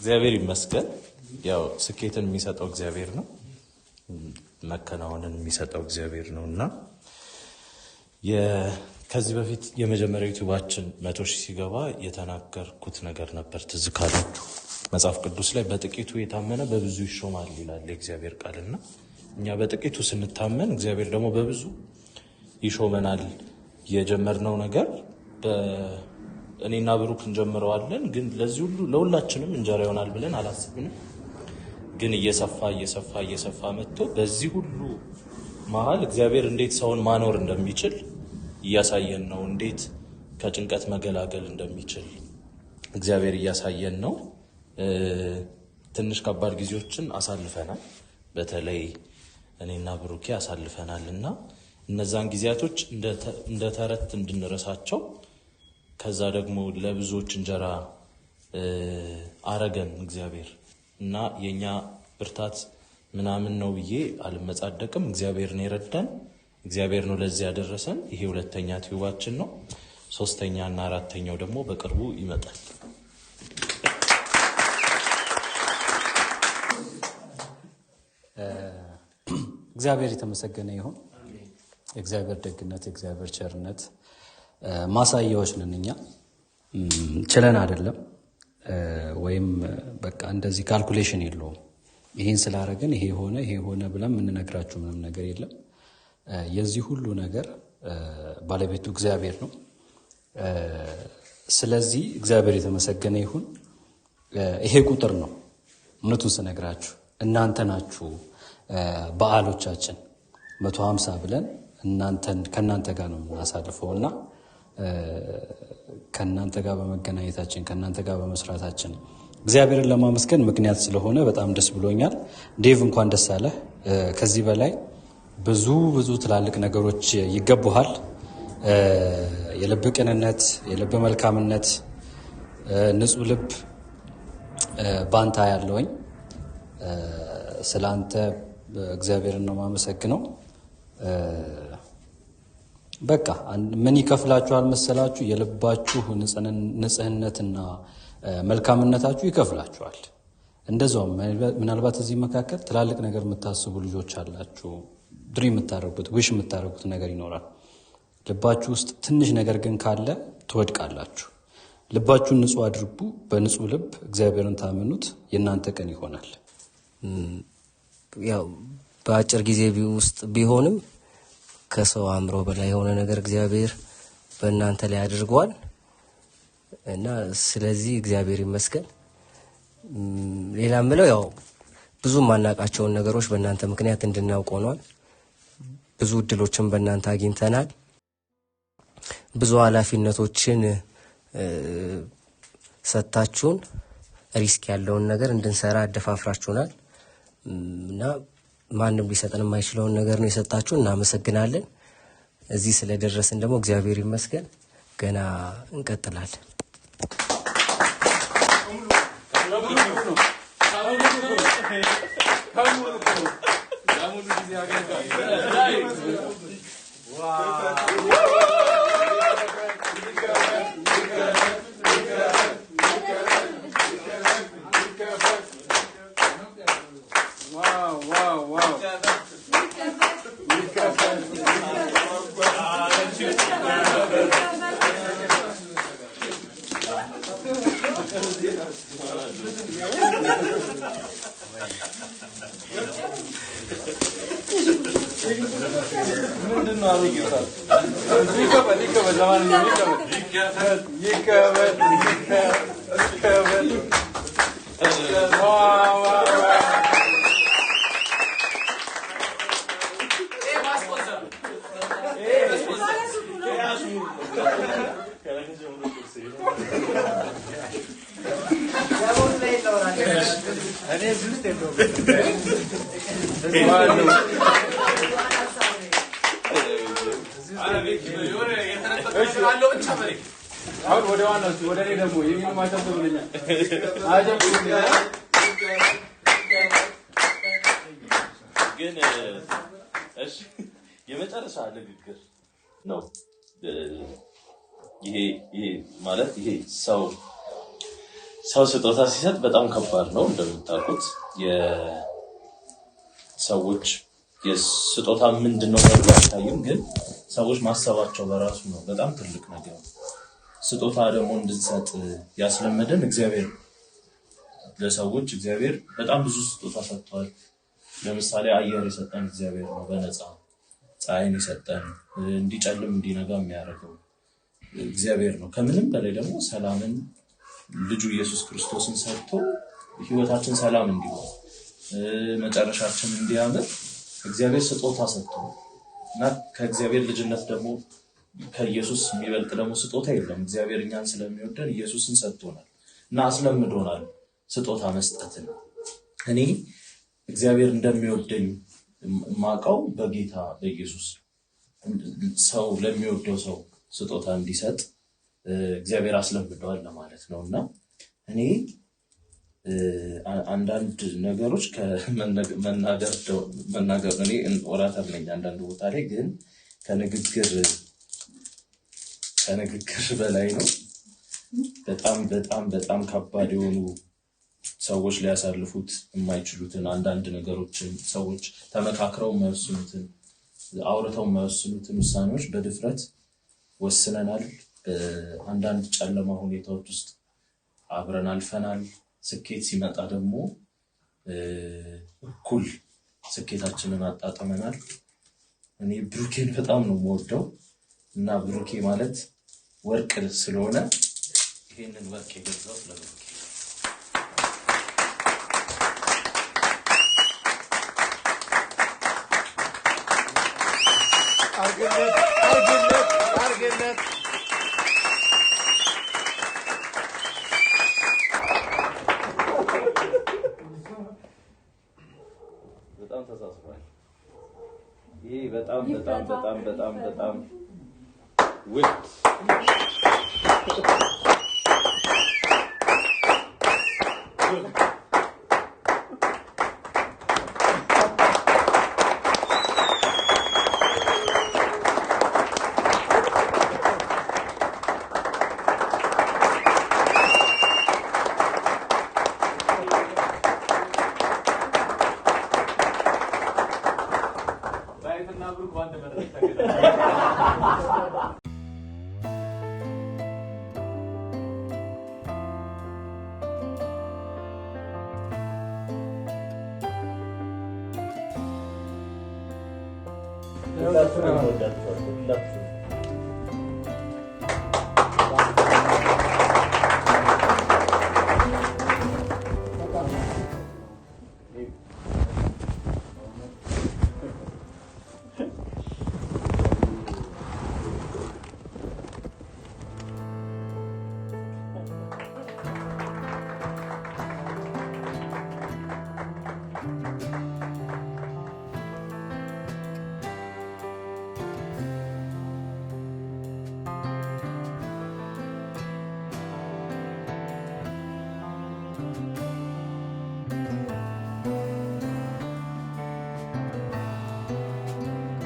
እግዚአብሔር ይመስገን። ያው ስኬትን የሚሰጠው እግዚአብሔር ነው፣ መከናወንን የሚሰጠው እግዚአብሔር ነው እና ከዚህ በፊት የመጀመሪያ ዩቱባችን መቶ ሺህ ሲገባ የተናገርኩት ነገር ነበር፣ ትዝ ካላችሁ መጽሐፍ ቅዱስ ላይ በጥቂቱ የታመነ በብዙ ይሾማል ይላል የእግዚአብሔር ቃል እና እኛ በጥቂቱ ስንታመን እግዚአብሔር ደግሞ በብዙ ይሾመናል። የጀመርነው ነገር እኔና ብሩክ እንጀምረዋለን፣ ግን ለዚህ ሁሉ ለሁላችንም እንጀራ ይሆናል ብለን አላስብንም። ግን እየሰፋ እየሰፋ እየሰፋ መጥቶ በዚህ ሁሉ መሀል እግዚአብሔር እንዴት ሰውን ማኖር እንደሚችል እያሳየን ነው። እንዴት ከጭንቀት መገላገል እንደሚችል እግዚአብሔር እያሳየን ነው። ትንሽ ከባድ ጊዜዎችን አሳልፈናል። በተለይ እኔና ብሩኬ አሳልፈናል እና እነዛን ጊዜያቶች እንደ ተረት እንድንረሳቸው ከዛ ደግሞ ለብዙዎች እንጀራ አረገን እግዚአብሔር እና የእኛ ብርታት ምናምን ነው ብዬ አልመጻደቅም። እግዚአብሔር ነው የረዳን። እግዚአብሔር ነው ለዚህ ያደረሰን። ይሄ ሁለተኛ ቲዩባችን ነው። ሶስተኛ እና አራተኛው ደግሞ በቅርቡ ይመጣል። እግዚአብሔር የተመሰገነ ይሁን። የእግዚአብሔር ደግነት፣ የእግዚአብሔር ቸርነት ማሳያዎች ነን እኛ። ችለን አይደለም ወይም በቃ እንደዚህ ካልኩሌሽን የለውም። ይሄን ስላረግን ይሄ ሆነ ይሄ ሆነ ብለን የምንነግራችሁ ምንም ነገር የለም። የዚህ ሁሉ ነገር ባለቤቱ እግዚአብሔር ነው። ስለዚህ እግዚአብሔር የተመሰገነ ይሁን። ይሄ ቁጥር ነው እውነቱን ስነግራችሁ እናንተ ናችሁ በዓሎቻችን መቶ ሀምሳ ብለን እናንተን ከእናንተ ጋር ነው የምናሳልፈው እና ከእናንተ ጋር በመገናኘታችን ከእናንተ ጋር በመስራታችን እግዚአብሔርን ለማመስገን ምክንያት ስለሆነ በጣም ደስ ብሎኛል። ዴቭ እንኳን ደስ አለህ። ከዚህ በላይ ብዙ ብዙ ትላልቅ ነገሮች ይገቡሃል። የልብ ቅንነት፣ የልብ መልካምነት፣ ንጹህ ልብ ባንታ ያለውኝ ስለ አንተ እግዚአብሔርን ነው የማመሰግነው። በቃ ምን ይከፍላችኋል መሰላችሁ? የልባችሁ ንጽህነትና መልካምነታችሁ ይከፍላችኋል። እንደዛውም ምናልባት እዚህ መካከል ትላልቅ ነገር የምታስቡ ልጆች አላችሁ። ድሪ የምታደርጉት ውሽ የምታደረጉት ነገር ይኖራል። ልባችሁ ውስጥ ትንሽ ነገር ግን ካለ ትወድቃላችሁ። ልባችሁን ንጹህ አድርጉ። በንጹህ ልብ እግዚአብሔርን ታምኑት፣ የእናንተ ቀን ይሆናል። ያው በአጭር ጊዜ ውስጥ ቢሆንም ከሰው አእምሮ በላይ የሆነ ነገር እግዚአብሔር በእናንተ ላይ አድርጓል እና ስለዚህ እግዚአብሔር ይመስገን። ሌላ ምለው ያው ብዙ ማናቃቸውን ነገሮች በእናንተ ምክንያት እንድናውቅ ሆኗል። ብዙ እድሎችን በእናንተ አግኝተናል። ብዙ ኃላፊነቶችን ሰጥታችሁን ሪስክ ያለውን ነገር እንድንሰራ አደፋፍራችሁናል እና ማንም ሊሰጠን የማይችለውን ነገር ነው የሰጣችሁ። እናመሰግናለን። እዚህ ስለደረስን ደግሞ እግዚአብሔር ይመስገን። ገና እንቀጥላለን። ከሙሉ ጊዜ zaman yeni kıyafet. Yeni kıyafet. Yeni kıyafet. Yeni kıyafet. Vay vay vay. Hani yüz tebrik olsun. አሁን ወደ ዋናው ወደ እኔ ደግሞ የሚሉ ብለኛል። ግን እሺ፣ የመጨረሻ ንግግር ነው ይሄ። ይሄ ማለት ይሄ ሰው ሰው ስጦታ ሲሰጥ በጣም ከባድ ነው እንደምታውቁት የሰዎች ስጦታ ምንድን ነው ተብሎ አይታይም፣ ግን ሰዎች ማሰባቸው በራሱ ነው በጣም ትልቅ ነገር። ስጦታ ደግሞ እንድትሰጥ ያስለመደን እግዚአብሔር ለሰዎች እግዚአብሔር በጣም ብዙ ስጦታ ሰጥቷል። ለምሳሌ አየር የሰጠን እግዚአብሔር ነው በነፃ ፀሐይን የሰጠን እንዲጨልም እንዲነጋ የሚያደርገው እግዚአብሔር ነው። ከምንም በላይ ደግሞ ሰላምን ልጁ ኢየሱስ ክርስቶስን ሰጥቶ ህይወታችን ሰላም እንዲሆን መጨረሻችን እንዲያምር እግዚአብሔር ስጦታ ሰጥቶ እና ከእግዚአብሔር ልጅነት ደግሞ ከኢየሱስ የሚበልጥ ደግሞ ስጦታ የለም። እግዚአብሔር እኛን ስለሚወደን ኢየሱስን ሰጥቶናል እና አስለምዶናል ስጦታ መስጠትን። እኔ እግዚአብሔር እንደሚወደኝ ማቀው በጌታ በኢየሱስ ሰው ለሚወደው ሰው ስጦታ እንዲሰጥ እግዚአብሔር አስለምደዋል ለማለት ነው እና እኔ አንዳንድ ነገሮች መናገር እኔ ኦራተር ነኝ። አንዳንድ ቦታ ላይ ግን ከንግግር ከንግግር በላይ ነው። በጣም በጣም በጣም ከባድ የሆኑ ሰዎች ሊያሳልፉት የማይችሉትን አንዳንድ ነገሮችን ሰዎች ተመካክረው የማይወስኑትን አውርተው የማይወስኑትን ውሳኔዎች በድፍረት ወስነናል። በአንዳንድ ጨለማ ሁኔታዎች ውስጥ አብረን አልፈናል። ስኬት ሲመጣ ደግሞ እኩል ስኬታችንን አጣጥመናል። እኔ ብሩኬን በጣም ነው የምወደው እና ብሩኬ ማለት ወርቅ ስለሆነ ይህንን ወርቅ የገዛው ስለብሩኬ አርግለት አርግለት አርግለት በጣም በጣም በጣም በጣም በጣም ውድ Thank you. したけど。That's what I'm going to do.